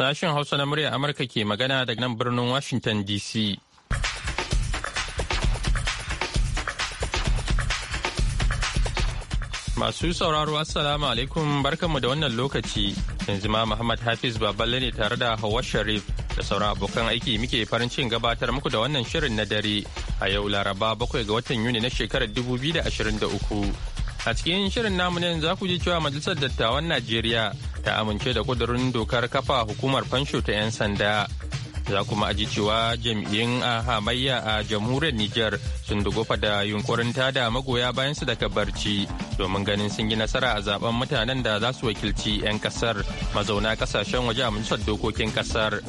Sashen Hausa na muryar Amurka ke magana daga nan birnin Washington DC. Masu sauraro Assalamu alaikum barkanmu da wannan lokaci yanzu ma Muhammad Hafiz Baballe ne tare da Hawa Sharif da sauran abokan aiki muke farin cin gabatar muku da wannan shirin na dare a yau Laraba bakwai ga watan Yuni na shekarar 2023. A cikin shirin namu ne za ku ji cewa Majalisar Dattawan Najeriya ta amince da kudurin dokar kafa hukumar fansho ta 'yan sanda za kuma aji cewa jam'iyyun a hamayya a jamhuriyar niger sun dugufa da yunkurin tada magoya bayansu daga barci domin ganin sun yi nasara a zaben mutanen da za su wakilci 'yan kasar mazauna kasashen waje a dokokin kasar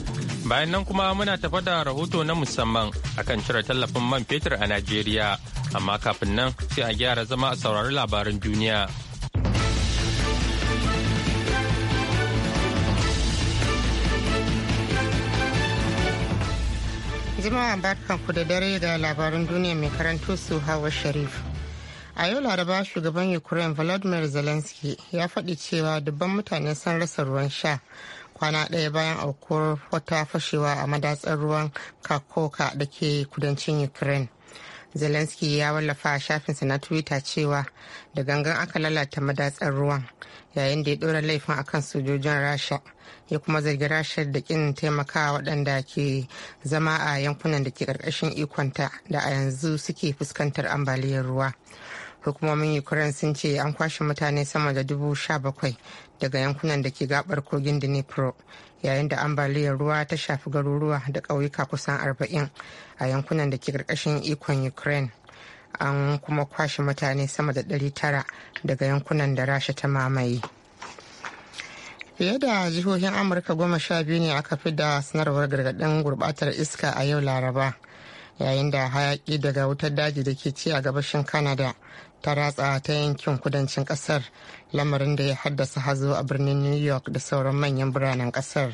bayan nan kuma muna tafa da rahoto na musamman akan cire tallafin man fetur a najeriya amma kafin nan sai a gyara zama a saurari labarin duniya. jimawa barkanku da dare ga labarin duniya mai karanto su Hawa Sharif. A yau Laraba shugaban Ukraine Volodymyr Zelensky ya faɗi cewa dubban mutane sun rasa ruwan sha kwana ɗaya bayan aukuwar wata fashewa a madatsar ruwan Kakoka da ke kudancin Ukraine. Zelensky ya wallafa a shafinsa na Twitter cewa da gangan aka lalata madatsar ruwan yayin da ya ɗora laifin akan sojojin Rasha. ya kuma zargi rashar da kin taimaka waɗanda ke zama a yankunan da ke ƙarƙashin ikonta da a yanzu suke fuskantar ambaliyar ruwa hukumomin ukraine sun ce an kwashe mutane sama da dubu sha bakwai daga yankunan da ke gabar kogin dnipro yayin da ambaliyar ruwa ta shafi garuruwa da ƙauyuka kusan arba'in a yankunan da ke ƙarƙashin ikon ukraine an kuma kwashe mutane sama da ɗari tara daga yankunan da rasha ta mamaye. fiye da jihohin amurka goma sha biyu ne aka fi da sanarwar gargaɗin gurbatar iska a yau laraba yayin da hayaƙi daga wutar daji da ke ci a gabashin canada ta ratsa ta yankin kudancin ƙasar lamarin da ya haddasa hazo a birnin new york da sauran manyan biranen ƙasar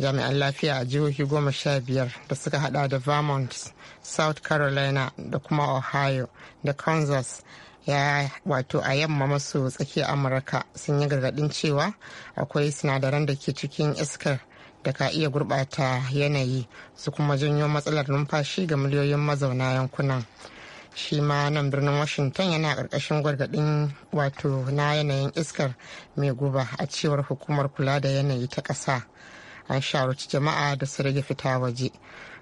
jami'an lafiya a jihohi goma sha biyar da suka hada da vermont south carolina da kuma ohio da kansas ya wato a yamma maso tsakiyar amurka sun yi gargadin cewa akwai sinadaran da ke cikin iskar da ka iya gurbata yanayi su kuma janyo matsalar numfashi ga miliyoyin mazauna yankunan shi ma nan birnin washington yana karkashin gargadin wato na yanayin iskar mai guba a cewar hukumar kula da yanayi ta ƙasa an shawarci jama'a da su rage fita waje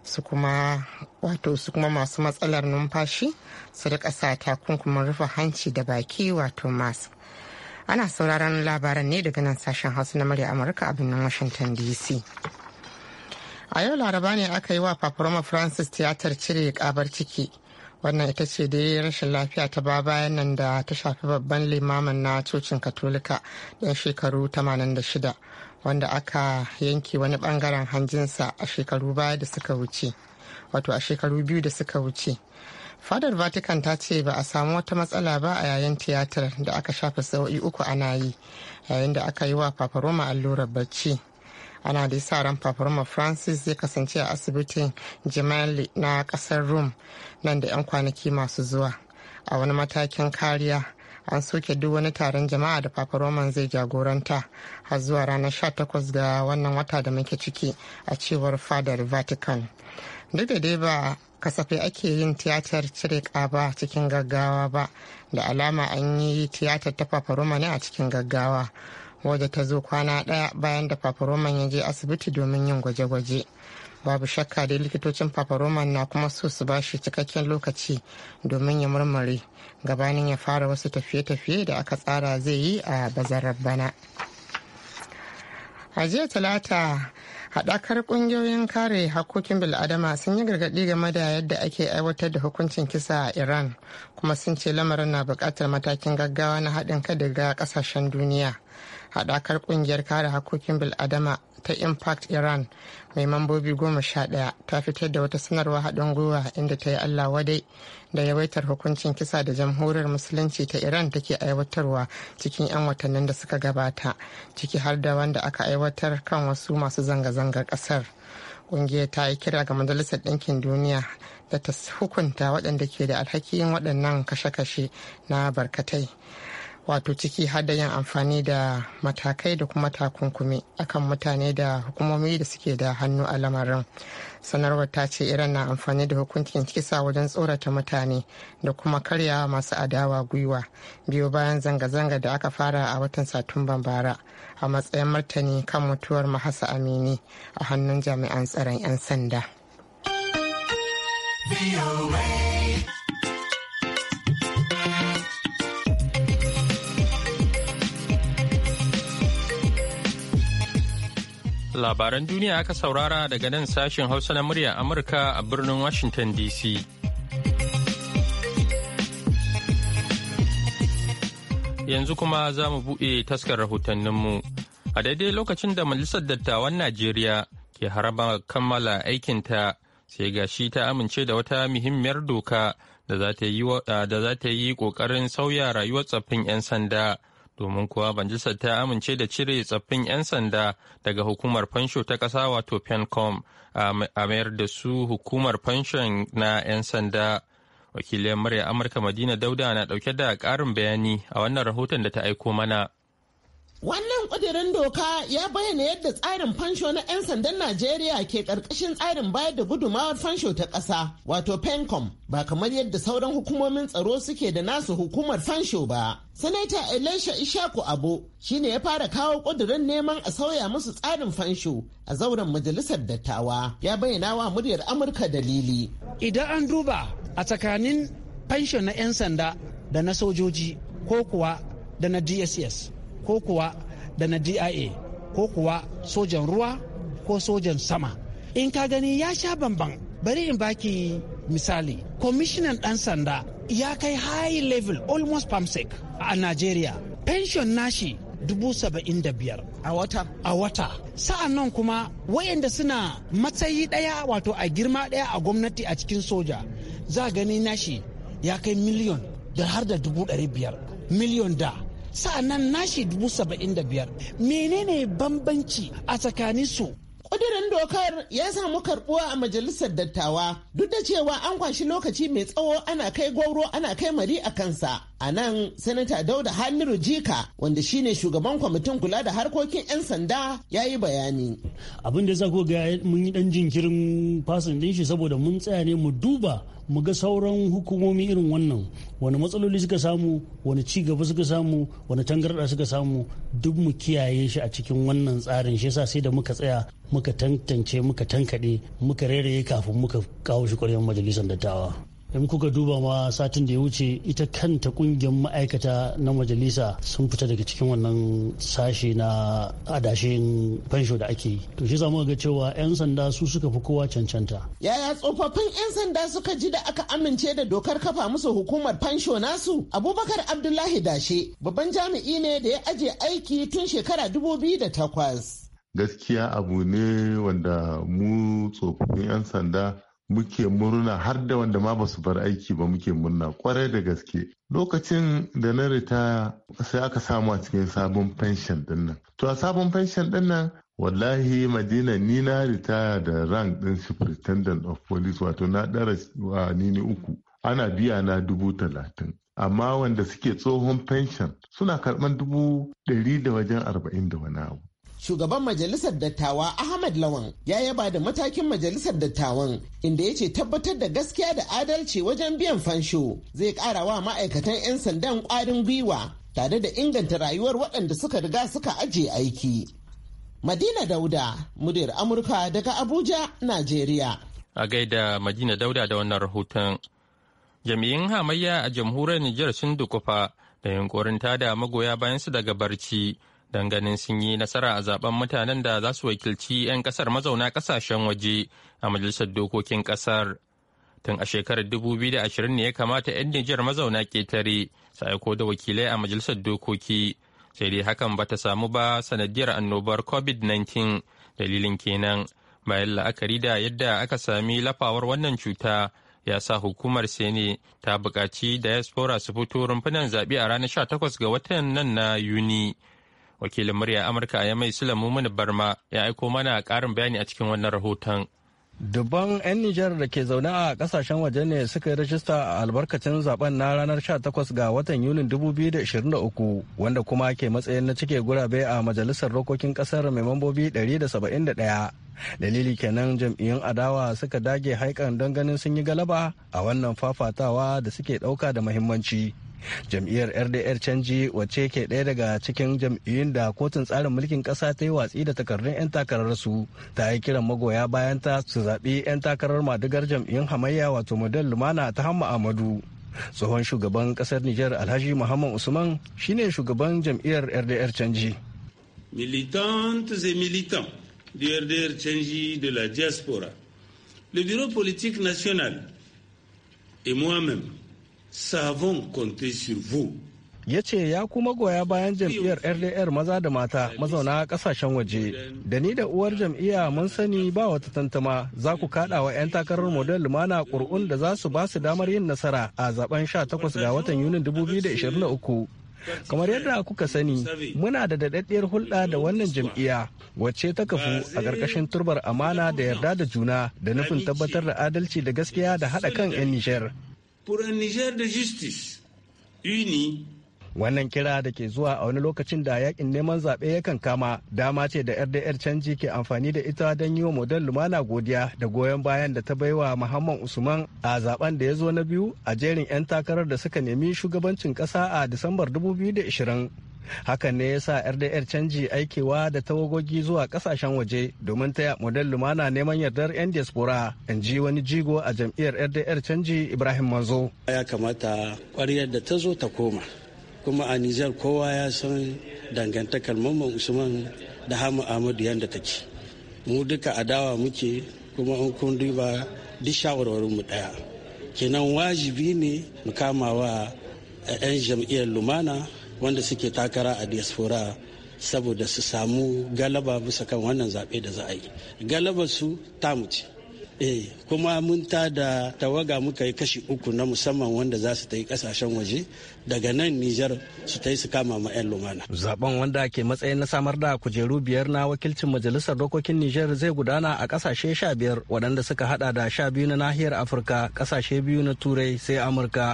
su kuma wato su kuma masu matsalar numfashi su rika sa takunkumin rufe hanci da baki wato masu ana sauraron labaran ne daga nan sashen hausa na murya amurka a birnin washington dc a yau laraba ne aka yi wa paparoma francis tiyatar cire kabar ciki wannan ita ce dai rashin lafiya ta ba bayan nan da ta shafi babban limamin na cocin katolika dan shekaru 86 wanda aka yanke wani bangaren hanjinsa a shekaru baya da suka wuce wato a shekaru biyu da suka wuce fadar vatican ta ce ba a samu wata matsala ba a yayin tiyatar da aka shafa sau'i uku ana yi yayin da aka yi wa paparoma allurar bacci ana da sa ran paparoma francis zai kasance a asibitin jimali na kasar rome nan da 'yan kwanaki masu zuwa a wani matakin kariya an soke duk wani taron jama'a da papa roman zai jagoranta har zuwa ranar 18 ga wannan wata da muke ciki a cewar fadar vatican duk da dai ba kasafai ake yin tiyatar cire ƙaba cikin gaggawa ba da alama an yi tiyatar ta papa roman a cikin gaggawa wadda ta zo kwana ɗaya bayan da papa roman ya je asibiti domin yin gwaje-gwaje. babu shakka dai likitocin roman na kuma so su ba shi cikakken lokaci domin ya murmure gabanin ya fara wasu tafiye-tafiye da aka tsara zai yi a bazarar bana a jiya talata haɗakar ƙungiyoyin kare hakokin bil'adama sun yi gargaɗi game da yadda ake aiwatar da hukuncin kisa a iran kuma sun ce lamarin na buƙatar matakin gaggawa na haɗin kai daga ƙasashen duniya haɗakar ƙungiyar kare hakokin bil'adama ta impact iran mai mambobi goma sha daya ta fitar da wata sanarwa haɗin gwiwa inda ta yi allah wadai da yawaitar hukuncin kisa da jamhuriyar musulunci ta iran ke aiwatarwa cikin 'yan watannin da suka gabata ciki har da wanda aka aiwatar kan wasu masu zanga-zangar ƙasar ƙungiyar ta yi kira ga majalisar ɗinkin duniya da ta hukunta waɗanda ke da alhakin waɗannan kashe-kashe na barkatai wato ciki har da yin amfani da matakai da kuma takunkumi akan mutane da hukumomi da suke da hannu a lamarin sanarwar ta ce iran na amfani da hukuncin kisa wajen tsorata mutane da kuma karya masu adawa gwiwa biyu bayan zanga-zanga da aka fara a watan satumban bara a matsayin martani kan mutuwar mahasa amini a hannun jami'an tsaron 'yan sanda. Labaran duniya aka saurara daga nan sashen Hausa na murya Amurka a birnin Washington DC. Yanzu kuma za mu buɗe taskar rahotanninmu. A daidai lokacin da Majalisar Dattawan Najeriya ke haraba kammala aikinta sai gashi ta amince da wata muhimmiyar doka da za ta yi ƙoƙarin sauya rayuwar tsaffin 'yan sanda. domin kuwa ji ta amince da cire tsaffin 'yan sanda daga hukumar fansho ta ƙasa wato pencom a mayar da su hukumar fanshon na 'yan sanda wakilin murya amurka madina dauda na dauke da ƙarin bayani a wannan rahoton da ta aiko mana. Wannan ƙudirin doka ya bayyana yadda tsarin fansho na 'yan sandan Najeriya ke ƙarƙashin tsarin bayar da gudumawar fansho ta ƙasa, wato PENCOM, ba kamar yadda sauran hukumomin tsaro suke da nasu hukumar fansho ba. Sanata Elisha Ishaku Abo shi ne ya fara kawo ƙudurin neman a sauya musu tsarin fansho a zauren majalisar dattawa. Ya bayyana wa muryar Amurka dalili. Idan an duba a tsakanin fansho na 'yan sanda da na sojoji ko kuwa da na DSS. ko kuwa da na dia ko kuwa sojan ruwa ko sojan sama in ka gani ya sha bamban bari in baki misali kwamishinan dan sanda ya kai high level almost pamsec a nigeria pension nashi dubu saba'in da biyar a wata a wata sa'an nan kuma wayanda suna matsayi ɗaya wato a girma ɗaya a gwamnati a cikin soja za gani nashi ya kai miliyon da har da dubu ɗari biyar miliyon da sa'annan nashi dubu saba'in da biyar menene bambanci a tsakanin su Ƙudurin dokar ya samu karɓuwa a majalisar dattawa duk da cewa an kwashi lokaci mai tsawo ana kai gwauro ana kai mari a kansa. A nan, Sanata Dauda Hamiru Jika, wanda shine shugaban kwamitin kula da harkokin 'yan sanda ya yi bayani. Abin da zako ga mun yi dan jinkirin fasin din shi saboda mun tsaya ne mu duba mu ga sauran hukumomi irin wannan wani matsaloli suka samu wani ci gaba suka samu wani tangarɗa suka samu duk mu kiyaye shi a cikin wannan tsarin shi yasa sai da muka tsaya muka tantance muka tankaɗe muka rairaye kafin muka kawo shi ƙwaryen majalisar dattawa in kuka duba ma satin da ya wuce ita kanta kungiyar ma'aikata na majalisa sun fita daga cikin wannan sashe na adashin fansho da ake yi to shi zamu ga cewa 'yan sanda su suka fi kowa cancanta yaya tsofaffin 'yan sanda suka ji da aka amince da dokar kafa musu hukumar fansho nasu abubakar abdullahi dashe babban jami'i ne da ya aje aiki tun shekara dubu 2008 gaskiya abu ne wanda mu tsofaffin 'yan sanda muke murna har da wanda ma ba su bar aiki ba muke murna kwarai da gaske lokacin da na ritaya sai aka samu a cikin sabon fenshen dinnan to a sabon fenshen dinnan wallahi madina ni na ritaya da rank din superintendent of police wato na dara wa nini uku ana biya na dubu talatin amma wanda suke tsohon fenshen suna karɓar dubu ɗari da wajen arba'in da wani abu shugaban majalisar dattawa ahmad lawan ya yaba da matakin majalisar dattawan inda ya ce tabbatar da gaskiya da adalci wajen biyan fansho zai ƙara wa ma'aikatan 'yan sandan ƙwarin gwiwa tare da inganta rayuwar waɗanda suka riga suka ajiye aiki madina dauda muryar amurka daga abuja najeriya a gaida madina dauda da wannan rahoton jami'in hamayya a jamhuriyar niger sun dukufa da yunkurin tada magoya bayansu daga barci don ganin sun yi nasara a zaben mutanen da za su wakilci 'yan kasar mazauna kasashen waje a majalisar dokokin kasar tun a shekarar 2020 ne ya kamata 'yan nijar mazauna ketare su aiko da wakilai a majalisar dokoki sai dai hakan ba ta samu ba sanadiyar annobar covid-19 dalilin kenan bayan la'akari da yadda aka sami lafawar wannan cuta ya sa hukumar sene ta buƙaci diaspora su fito rumfunan zaɓe a ranar 18 ga watan nan na yuni. wakilin murya amurka a yamai sulamu mini barma ya aiko mana karin bayani a cikin wannan rahoton dubban 'yan nijar da ke zaune a kasashen waje ne suka yi rajista a albarkacin zaben na ranar 18 ga watan yunin 2023 wanda kuma ke matsayin na cike gurabe a majalisar rokokin kasar mai mambobi 171 dalili kenan jam'iyyun adawa suka dage haikan don ganin sun yi galaba a wannan fafatawa da suke dauka da muhimmanci jam'iyyar rdr canji wacce ke ɗaya daga cikin jam'iyyun da kotun tsarin mulkin ƙasa ta yi watsi da takardun 'yan takararsu ta yi kiran magoya bayan ta su zaɓi 'yan takarar madigar jam'iyyun hamayya wato model lumana ta hamma amadu tsohon shugaban ƙasar niger alhaji muhammad usman shine shugaban jam'iyyar rdr canji militantes et militants du rdr canji de la diaspora le bureau politique national et moi-même savon compter sur vous ya ce ya kuma goya bayan jam'iyyar rdr maza da mata mazauna kasashen waje da ni da uwar jam'iyya mun sani ba wata tantama za ku kada wa 'yan takarar model lumana kur'un da za su ba su damar yin nasara a zaben 18 ga watan yunin 2023 kamar yadda kuka sani muna da daɗaɗɗiyar hulɗa da wannan jam'iyya wacce ta kafu a ƙarƙashin turbar amana da yarda da juna da nufin tabbatar da adalci da gaskiya da haɗa kan 'yan nishar pour un Niger de justice uni. Wannan kira da ke zuwa a wani lokacin da yakin neman zaɓe yakan kama dama ce da RDR canji ke amfani da ita don yi wa model lumana godiya da goyon bayan da ta baiwa Muhammad Usman a zaben da ya zo na biyu a jerin 'yan takarar da suka nemi shugabancin ƙasa a Disambar 2020. hakan ne ya sa rdr canji aikewa da tawagogi zuwa kasashen waje domin taya model lumana neman yardar 'yan diaspora in ji wani jigo a jam'iyyar rdr canji ibrahim manzo ya kamata kwaryar da ta zo ta koma kuma a nijar kowa ya san dangantakar mamman usman da hamu ahmadu yadda take mu duka adawa muke kuma in kun duba duk shawarwarinmu daya kenan wajibi ne mu kama wa 'yan jam'iyyar lumana wanda suke takara a diaspora saboda su samu galaba bisa kan wannan zaɓe da za a yi galaba su tamu ce eh kuma mun ta da tawaga muka yi kashi uku na musamman wanda za su ta yi kasashen waje daga nan Nijar su ta yi su kama ma 'yan lumana. Zaben wanda ke matsayin na samar da kujeru biyar na wakilcin majalisar dokokin Nijar zai gudana a kasashe sha biyar waɗanda suka hada da sha biyu na nahiyar Afirka kasashe biyu na Turai sai Amurka.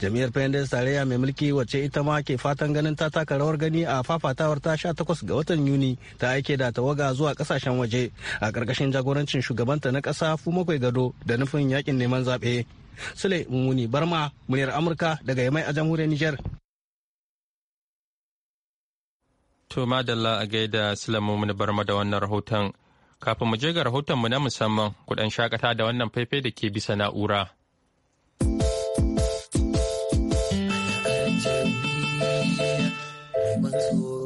jami'ar pendes tarayya mai mulki wacce ita ma ke fatan ganin ta taka rawar gani a fafatawar ta sha ga watan yuni ta aike da tawaga zuwa kasashen waje a ƙarƙashin jagorancin shugabanta na ƙasa fumakwai gado da nufin yakin neman zaɓe sule muni barma muryar amurka daga yamai a jamhuriyar niger to madalla a gaida sule muni barma da wannan rahoton kafin mu je ga rahoton mu na musamman kuɗan shakata da wannan faifai da ke bisa na'ura 错。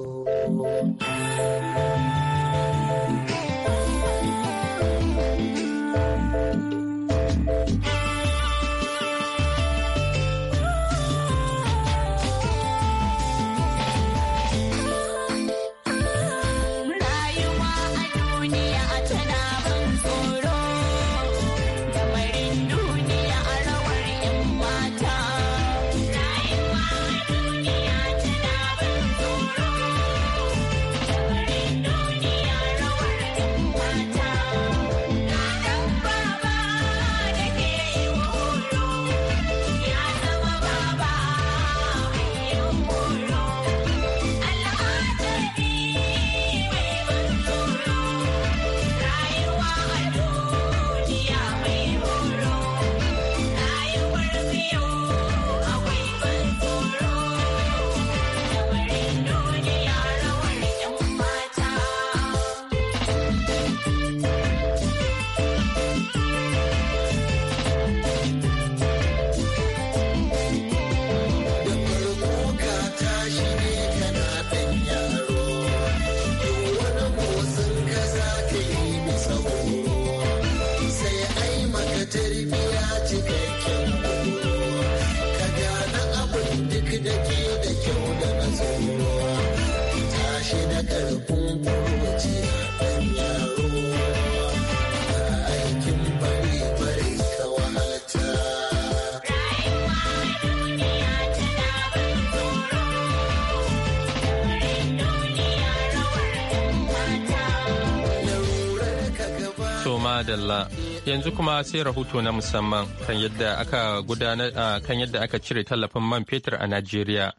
Allah yanzu kuma sai rahoto na musamman kan yadda aka gudanar kan yadda aka cire tallafin man fetur a najeriya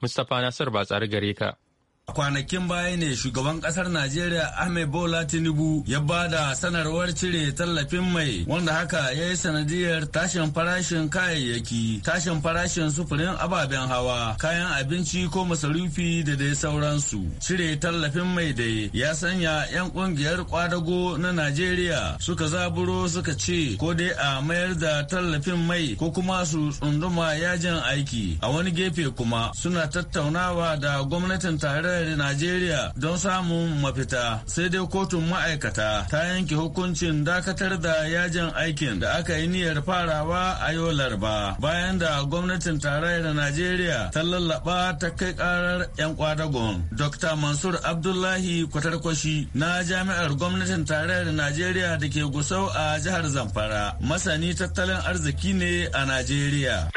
mustapha nasir ba tsari gare ka kwanakin baya ne shugaban kasar najeriya ahmed bola tinubu ya ba da sanarwar cire tallafin mai wanda haka ya yi sanadiyar tashin farashin kayayyaki tashin farashin sufurin ababen hawa kayan abinci ko masarufi da dai sauransu cire tallafin mai dai ya sanya 'yan kungiyar kwadago na najeriya suka zaburo suka ce ko dai a mayar da tallafin mai ko kuma su tsunduma yajin aiki a wani gefe kuma suna tattaunawa da gwamnatin tare tarayyar Najeriya don samun mafita sai dai kotun ma'aikata ta yanke hukuncin dakatar da yajin aikin da aka yi niyyar farawa a yau laraba bayan da gwamnatin tarayyar Najeriya ta lallaba ta kai karar 'yan kwadagon. Dr. Mansur Abdullahi Kwatarkwashi na jami'ar gwamnatin tarayyar Najeriya da ke gusau a jihar Zamfara masani tattalin arziki ne a Najeriya.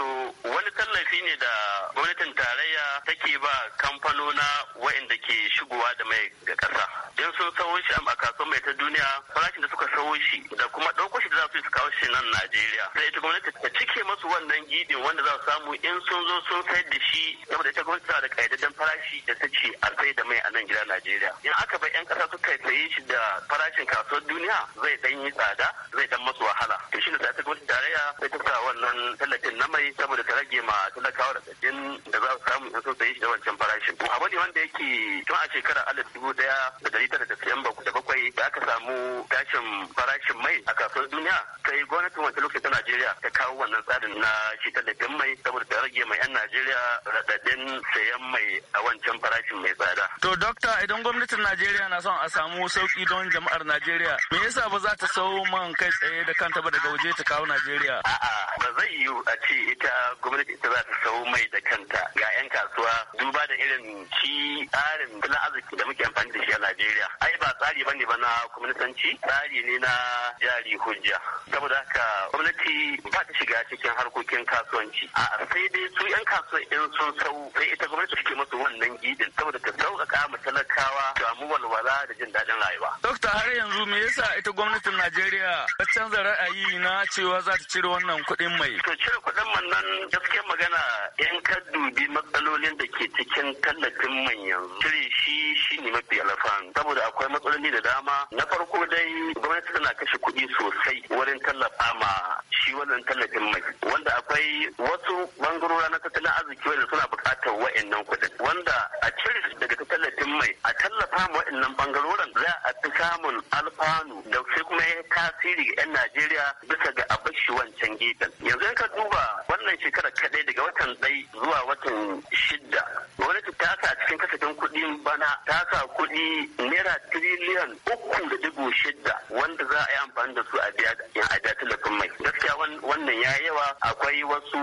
wato wani tallafi ne da gwamnatin tarayya take ba kamfanona waɗanda ke shigowa da mai ga ƙasa in sun sawo shi a kasuwar mai ta duniya farashin da suka sawo shi da kuma ɗaukar shi da za su su kawo shi nan najeriya sai ita gwamnati ta cike masu wannan gidin wanda za su samu in sun zo sun sayar da shi saboda ita gwamnati tana da ƙayyadadden farashi da ta ce a sai da mai a nan gida najeriya in aka bar 'yan ƙasa suka saye shi da farashin kasuwar duniya zai ɗan yi tsada zai ɗan masu wahala to shi ne sai gwamnati tarayya sai ta sa wannan tallafin na mai yi saboda ta rage ma talakawa da tsakiyar da za su samu in sun sayi shi da wancan farashin. Abu ne wanda yake tun a shekarar alif dubu daya da dari tara da tasirin da bakwai da aka samu tashin farashin mai a kasuwar duniya sai gwamnatin wancan lokaci ta Najeriya ta kawo wannan tsarin na shi tallafin mai saboda ta rage ma 'yan Najeriya raɗaɗin sayan mai a wancan farashin mai tsada. To dokta idan gwamnatin Najeriya na son a samu sauƙi don jama'ar Najeriya me yasa ba za ta sau man kai tsaye da kanta ba daga waje ta kawo Najeriya? A'a ba zai yiwu a ce ita gwamnati ita za ta sau mai da kanta ga 'yan kasuwa duba da irin ci tsarin na arziki da muke amfani da shi a Najeriya. Ai ba tsari bane ba na gwamnatanci tsari ne na jari hujja. Saboda haka gwamnati ba ta shiga cikin harkokin kasuwanci. A sai dai su 'yan kasuwa in sun sau sai ita gwamnati take musu wannan gidin saboda ta sauƙaƙa ma talakawa damu walwala da jin daɗin rayuwa. Dokta har yanzu me yasa ita gwamnatin Najeriya ta canza ra'ayi na cewa za ta cire wannan kuɗin mai? To cire kuɗin man sannan gaskiyar magana in ka dubi matsalolin da ke cikin tallafin manyan shirin shi shi ne mafi alfan saboda akwai matsaloli da dama na farko dai gwamnati tana kashe kuɗi sosai wurin tallafa ma shi wannan tallafin mai wanda akwai wasu bangarora na tattalin arziki wanda suna buƙatar wa'annan kuɗin wanda a cire daga tallafin mai a tallafa ma wa'annan bangaroren za a fi samun alfanu da sai kuma ya tasiri ga 'yan Najeriya bisa ga abashi wancan gefen yanzu ka duba wannan shekara kadai daga watan dai zuwa watan shidda gwamnati ta sa cikin kasafin kuɗi bana ta sa kuɗi naira tiriliyan uku da dubu shidda wanda za a yi amfani da su a biya a biya talafin mai gaskiya wannan ya yawa akwai wasu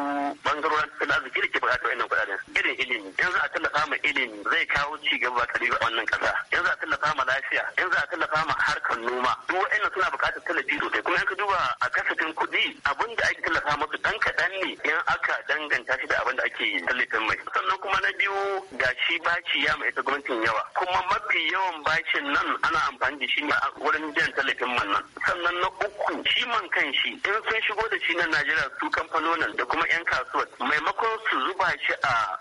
bangarorin tattalin arziki da ke bukatar wannan kudaden irin ilimi za a tallafa ma ilimi zai kawo ci gaba kari a wannan ƙasa za a tallafa ma lafiya za a tallafa ma harkar noma duk wa'annan suna bukatar tallafi sosai kuma in ka duba a kasafin kuɗi abin da ake tallafa musu dan kaɗan ne in aka danganta shi da abin da ake tallafin mai sannan kuma na biyu ga shi baci ya mai ita gwamnatin yawa kuma mafi yawan bacin nan ana amfani da shi ne a wurin biyan tallafin man nan sannan na uku shi man kan shi in sun shigo da shi na gwamnan najeriya su kamfanonin da kuma 'yan kasuwar maimakon su zuba shi a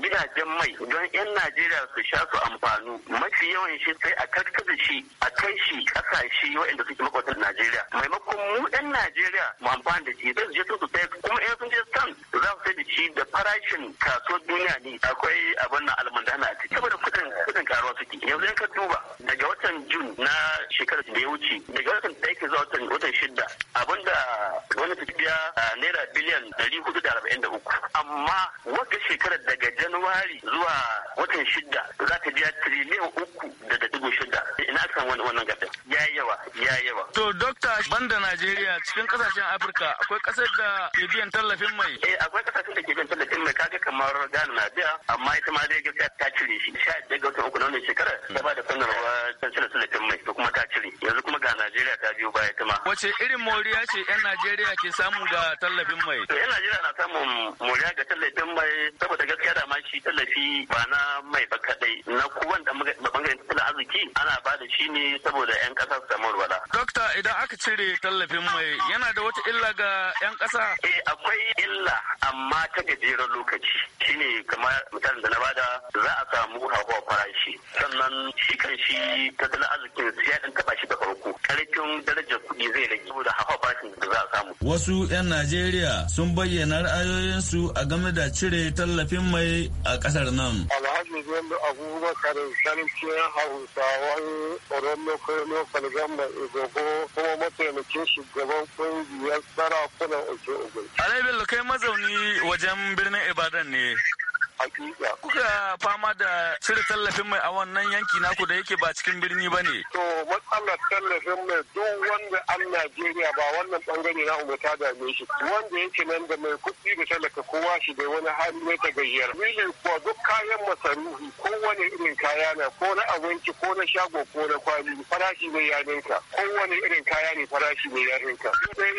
gidajen mai don 'yan najeriya su sha su amfanu mafi yawan shi sai a karkata shi a kai shi kasashe waɗanda suke makwatar najeriya maimakon mu 'yan najeriya mu amfani da shi zan je su sai kuma 'yan sun je san za su sai da shi da farashin kasuwar duniya ne akwai abin na almandana a ciki saboda kudin kudin karuwa suke yanzu in ka duba daga watan jun na shekarar da ya wuce daga watan yake zuwa watan shidda abinda wani su biya naira biliyan dari hudu da arba'in da uku amma wata shekara daga januwari zuwa watan shida za ta biya tiriliyan uku da da dubu shida ina san wannan gaba ya yawa ya yawa. to dokta banda najeriya cikin kasashen afirka akwai kasar da ke biyan tallafin mai. eh akwai kasashen da ke biyan tallafin mai kaga kamar ghana na biya amma ita ma dai gaskiya ta cire shi sha daga watan uku na wannan shekara. ta ba da sanarwa tallafin mai to kuma ta cire yanzu kuma Najeriya ta biyo baya ita Wace irin moriya ce 'yan Najeriya ke samu ga tallafin mai? 'Yan Najeriya na samun moriya ga tallafin mai saboda gaskiya da ma tallafi ba na mai ba kadai na kowane da bangaren tattalin arziki ana ba da shi ne saboda 'yan ƙasa su samu walwala. Dokta idan aka cire tallafin mai yana da wata illa ga 'yan ƙasa? Eh akwai illa amma ta gajeren lokaci shine kama misalin da na bada za a samu hawa farashi sannan shi kan shi tattalin arzikin siya ɗin taɓa shi da farko karfin darajar kuɗi zai rage da hawa farashin da za a samu. Wasu 'yan Najeriya sun bayyana ra'ayoyinsu a game da cire tallafin mai a ƙasar nan. Alhaji Bello Abubakar Sarkin Hausawan Oromo Kano Falgamba Igogo kuma mataimakin shugaban ƙungiyar sarakunan Ojo Ogun. Alhaji mazauni wajen birnin Ibadan ne. hakika. Kuka fama da cire tallafin mai a wannan yanki naku da yake ba cikin birni ba ne. To matsalar tallafin mai duk wanda an Najeriya ba wannan bangare na umarta da me shi. Wanda yake nan da mai kuɗi da talaka kowa shi da wani hali ne ta gayyar. Wili kuwa duk kayan masarufi kowane irin kaya na ko na abinci ko na shago ko na kwali farashi ne ya ninka. Kowane irin kaya ne farashi ne ya ninka.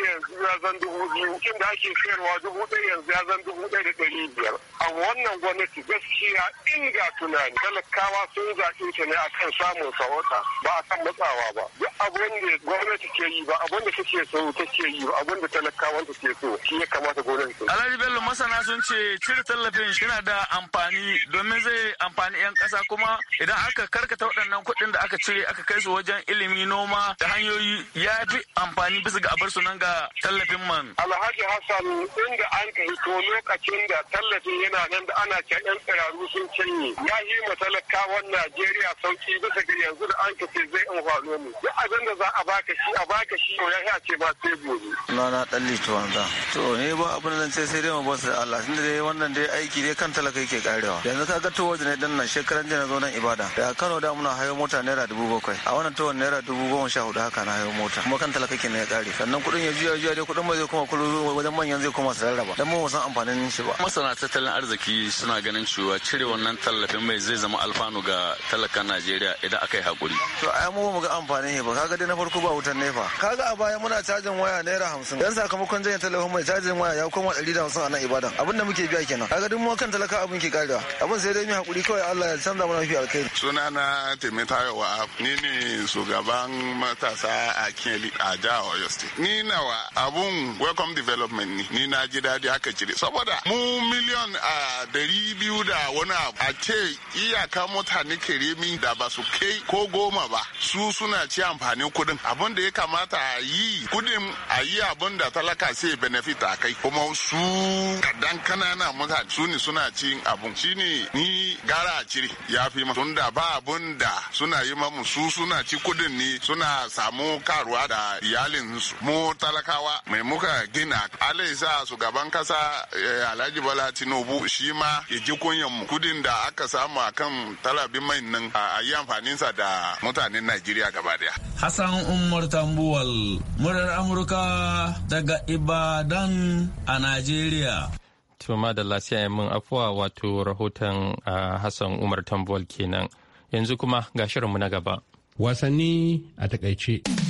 yanzu ya zan dubu biyu. Kin da ake sayarwa dubu ɗaya yanzu ya zan dubu ɗaya da ɗari biyar. A wannan gwamnati gaskiya inga tunani talakawa sun zaɓe ta ne akan samun sarauta ba a kan matsawa ba duk abin da gwamnati ke yi ba abin da take so ke yi ba abin da talakawan ke so shi ya kamata gwamnati ta Alhaji Bello masana sun ce cire tallafin yana da amfani domin zai amfani 'yan ƙasa kuma idan aka karkata waɗannan kuɗin da aka cire aka kai su wajen ilimi noma da hanyoyi ya fi amfani bisa ga abar nan ga tallafin man. Alhaji Hassan inda an kai to lokacin da tallafin yana nan da ana magana ta yan tsiraru sun canye ya yi ma talakawan Najeriya sauki bisa ga yanzu da an kace zai in amfano ne duk abin da za a baka shi a baka shi ya ya ce ba sai gobe na na dan to wanda to ne ba abin nan sai sai dai mu boss Allah tunda dai wannan dai aiki dai kan talaka yake karewa yanzu ka ga to wajen ne dan nan shekaran jana zo nan ibada da Kano da muna hayo mota naira dubu bakwai a wannan to naira dubu goma sha hudu haka na hayo mota kuma kan talaka ke ne ya kare sannan kuɗin ya juya juya dai kuɗin ba zai kuma kullu wajen manyan zai kuma su rarraba dan mu san amfanin shi ba masana tattalin arziki suna ganin cewa cire wannan tallafin mai zai zama alfanu ga talakan najeriya idan aka yi hakuri to ai mu mu ga amfani ba kaga dai na farko ba wutan nefa kaga a baya muna cajin waya naira hamsin dan sakamakon janye tallafin mai cajin waya ya koma ɗari da hamsin a nan ibadan abin da muke biya kenan kaga duk mu kan talaka abin ke karewa abin sai dai mu hakuri kawai Allah ya canza mana mafi alkhairi sunana wa. ni ne shugaban matasa a keli a jihar oyo state ni nawa abun welcome development ni ni na ji daɗi haka cire saboda mu miliyon a ah, dari dari biyu da wani abu a ce iyaka mutane remi da ba su kai ko goma ba su suna ci amfanin kudin abin da ya kamata a yi kudin a yi abin da talaka sai benefit a kai kuma su kadan kanana mutane su ne suna ci abun shi ne ni gara a cire ya fi ma da ba abin da suna yi mamu su suna ci kudin ne suna samu karuwa da iyalin su mu talakawa mai muka gina alaisa su gaban kasa eh, alhaji bala tinubu shi ma ya ji kunyan kudin da aka samu a kan talabin mai nan a yi amfaninsa da mutanen Najeriya gaba daya. Hassan Umar Tambuwal, murar Amurka daga Ibadan a Najeriya. Tuma da ya min afuwa wato rahoton Hassan Umar Tambuwal kenan. Yanzu kuma ga shirinmu na gaba. Wasanni a takaice.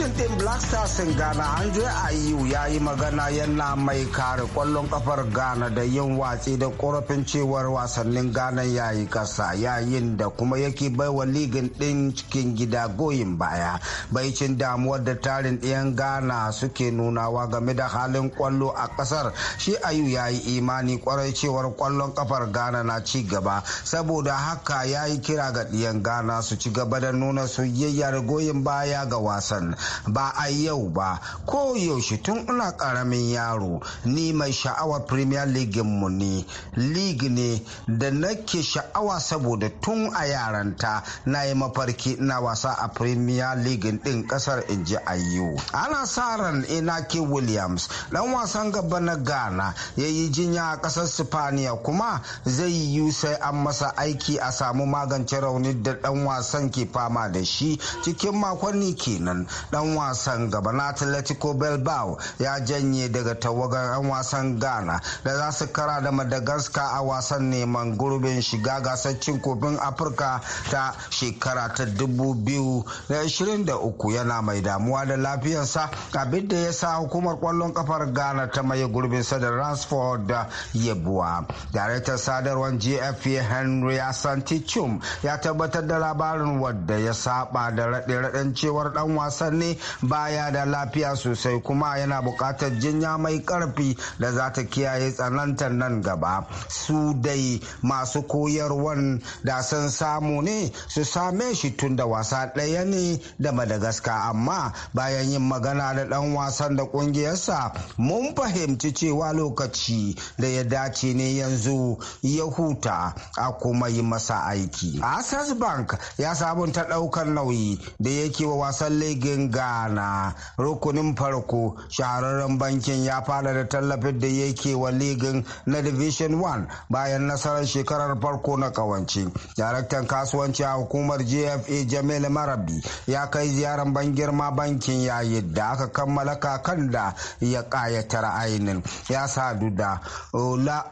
kaftin ɗin black stars in ghana andre ayew ya yi magana yana mai kare kwallon kafar ghana da yin watsi da korafin cewar wasannin ghana ya yi kasa yayin da kuma yake baiwa ligin ɗin cikin gida goyin baya baicin damuwar da tarin ɗiyan ghana suke nunawa game da halin kwallo a ƙasar shi ayu ya yi imani kwarai cewar kwallon kafar ghana na ci gaba saboda haka ya yi kira ga ɗiyan ghana su ci gaba da nuna soyayya da goyin baya ga wasan ba a yau ba ko yaushe tun ina karamin yaro ni mai sha'awa premier league mu ne league ne da nake sha'awa saboda tun a yaranta na yi mafarki na wasa a premier league din kasar inji ayu ana sa ran inaki williams dan wasan gaba na ghana ya yi jinya a kasar spaniya kuma zai yi sai an masa aiki a samu magance raunin da dan wasan ke fama da shi cikin makonni kenan dan wasan gaba na atletico bilbao ya janye daga tawagar 'yan wasan ghana da za su kara da madagascar a wasan neman gurbin shiga gasar cin kofin afirka ta shekara ta 2023 yana mai damuwa da lafiyarsa abin da ya sa hukumar kwallon kafar ghana ta maye gurbin sa da ransford da yabuwa daraktan sadarwar gfa henry asanti chum ya tabbatar da labarin wadda ya saba da raɗe-raɗen cewar dan wasan baya da lafiya sosai kuma yana buƙatar jinya mai ƙarfi da za ta kiyaye tsanantar nan gaba su dai masu koyarwan da sun samu ne su same shi tun da wasa ɗaya ne da madagascar amma bayan yin magana da ɗan wasan da ƙungiyarsa mun fahimci cewa lokaci da ya dace ne yanzu ya huta a kuma yi masa aiki access bank ya sabunta ɗaukar nauyi da yake wa wasan ligin gana rukunin farko shahararren bankin ya fada da tallafin da yake wa ligin na division 1 bayan nasarar shekarar farko na kawance daraktan kasuwanci a hukumar gfa jamil marabi ya kai ziyarar ban girma bankin ya da aka kammala kakan da ya kayatar ainin ya sadu da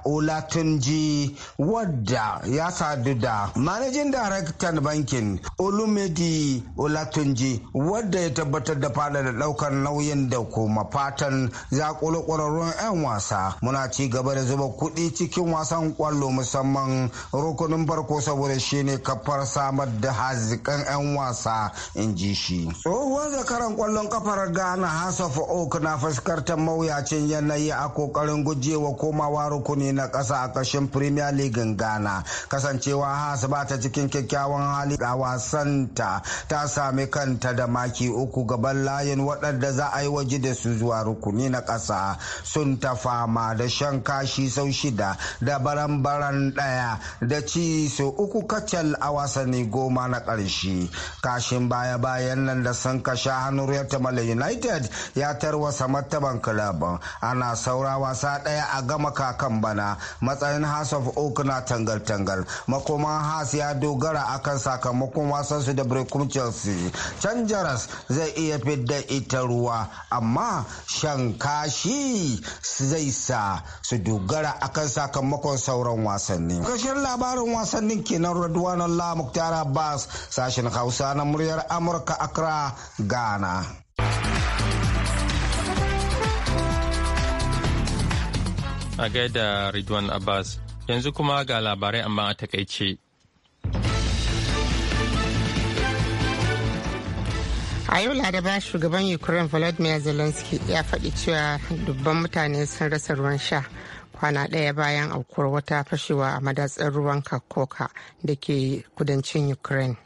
olatunji wadda ya sadu da manajin daraktan bankin olumedi olatunji wadda ya tabbatar da fada da daukar nauyin da kuma fatan zakulo kwararrun 'yan wasa muna ci gaba da zuba kudi cikin wasan kwallo musamman rukunin barko saboda shi ne kafar samar da hazikan 'yan wasa in ji shi tsohuwar zakaran kwallon kafar ghana house of oak na fuskantar mawuyacin yanayi a kokarin gujewa komawa rukuni na kasa a kashin premier league ghana kasancewa has ba ta cikin kyakkyawan hali a wasanta ta sami kanta da maki uku shugaban layin waɗanda za a yi waje da su zuwa rukuni na ƙasa sun ta fama da shan kashi sau shida da baran-baran ɗaya da ci sau uku kacal a wasanni goma na ƙarshe kashin baya-bayan nan da sun kashe hannun Tamale United ya tarwasa martaban club ana saura wasa ɗaya a gama kakan bana matsayin House of Oak na tangal-tangal makoman house ya dogara akan sakamakon wasansu da brekum Chelsea. Can Jaras zai zai iya fidda ita ruwa amma shan kashi zai sa su dogara a kan sakamakon sauran wasanni kashin labarin wasannin kenan radwan allah muktar abbas sashen hausa na muryar amurka accra ghana a gaida Ridwan Abbas. Yanzu kuma ga labarai amma a takaice. a yau laraba shugaban ukraine volodymyr zelensky ya faɗi cewa dubban mutane sun rasa ruwan sha kwana ɗaya bayan aukuwar wata fashewa a madatsar ruwan kakoka da ke kudancin ukraine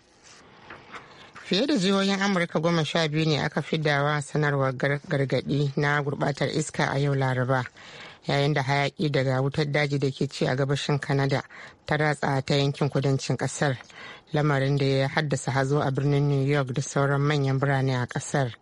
fiye da jihohin amurka goma sha biyu ne aka fi fidawa sanarwar gargadi na gurbatar iska a yau laraba yayin da hayaki daga wutar daji da ke ci a gabashin kanada ta ratsa ta yankin kudancin kasar lamarin da ya haddasa hazo a birnin New York da sauran manyan birane a kasar.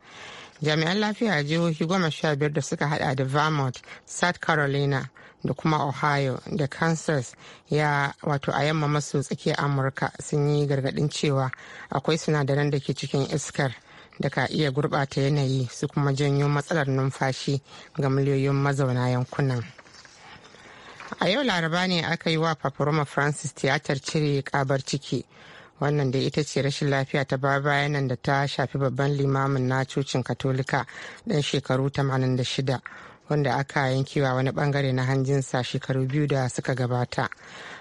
Jami'an lafiya a jihohi goma sha biyar da suka hada da Vermont, South Carolina da kuma Ohio da Kansas ya wato a yamma maso tsakiyar Amurka sun yi gargadin cewa akwai sinadaran da ke cikin iskar. da ka iya gurɓata yanayi su kuma janyo matsalar numfashi ga miliyoyin mazauna yankunan. A yau laraba ne aka yi wa Paparoma Francis tiyatar cire kabar ciki. Wannan da ita ce rashin lafiya ta ba bayanan da ta shafi babban limamin na cocin Katolika ɗan shekaru 86 wanda aka yankewa wani bangare na hanjinsa shekaru biyu da suka gabata.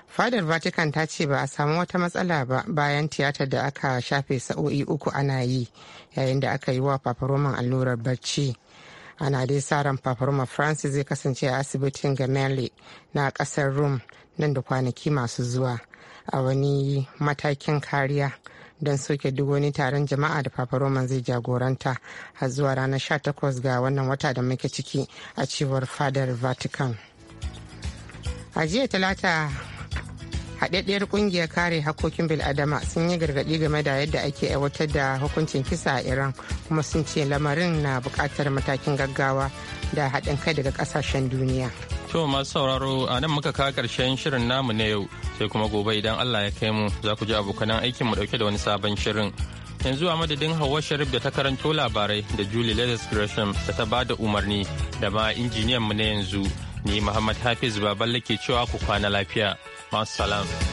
fadar vatican ta ce ba a samu wata matsala ba bayan tiyatar da aka shafe sa'o'i uku ana yi yayin da aka yi wa paparoman allurar barci ana dai sa ran paparoma francis zai kasance a asibitin gamele na kasar rome nan da kwanaki masu zuwa a wani matakin kariya don soke duk wani taron jama'a da paparoman zai jagoranta har zuwa ranar takwas ga wannan wata da muke ciki a cewar fadar vatican a jiya talata haɗaɗɗiyar ƙungiyar kare hakokin bil'adama sun yi gargaɗi game da yadda ake aiwatar da hukuncin kisa a iran kuma sun ce lamarin na bukatar matakin gaggawa da haɗin kai daga kasashen duniya to masu sauraro a nan muka kawo ƙarshen shirin namu na yau sai kuma gobe idan allah ya kai mu za ku ji abokanan aikin mu ɗauke da wani sabon shirin yanzu a madadin hawa sharif da ta karanto labarai da julie lewis gresham da ta bada umarni da ma injiniyan mu na yanzu ni muhammad hafiz baballe ke cewa ku kwana lafiya Masu salam.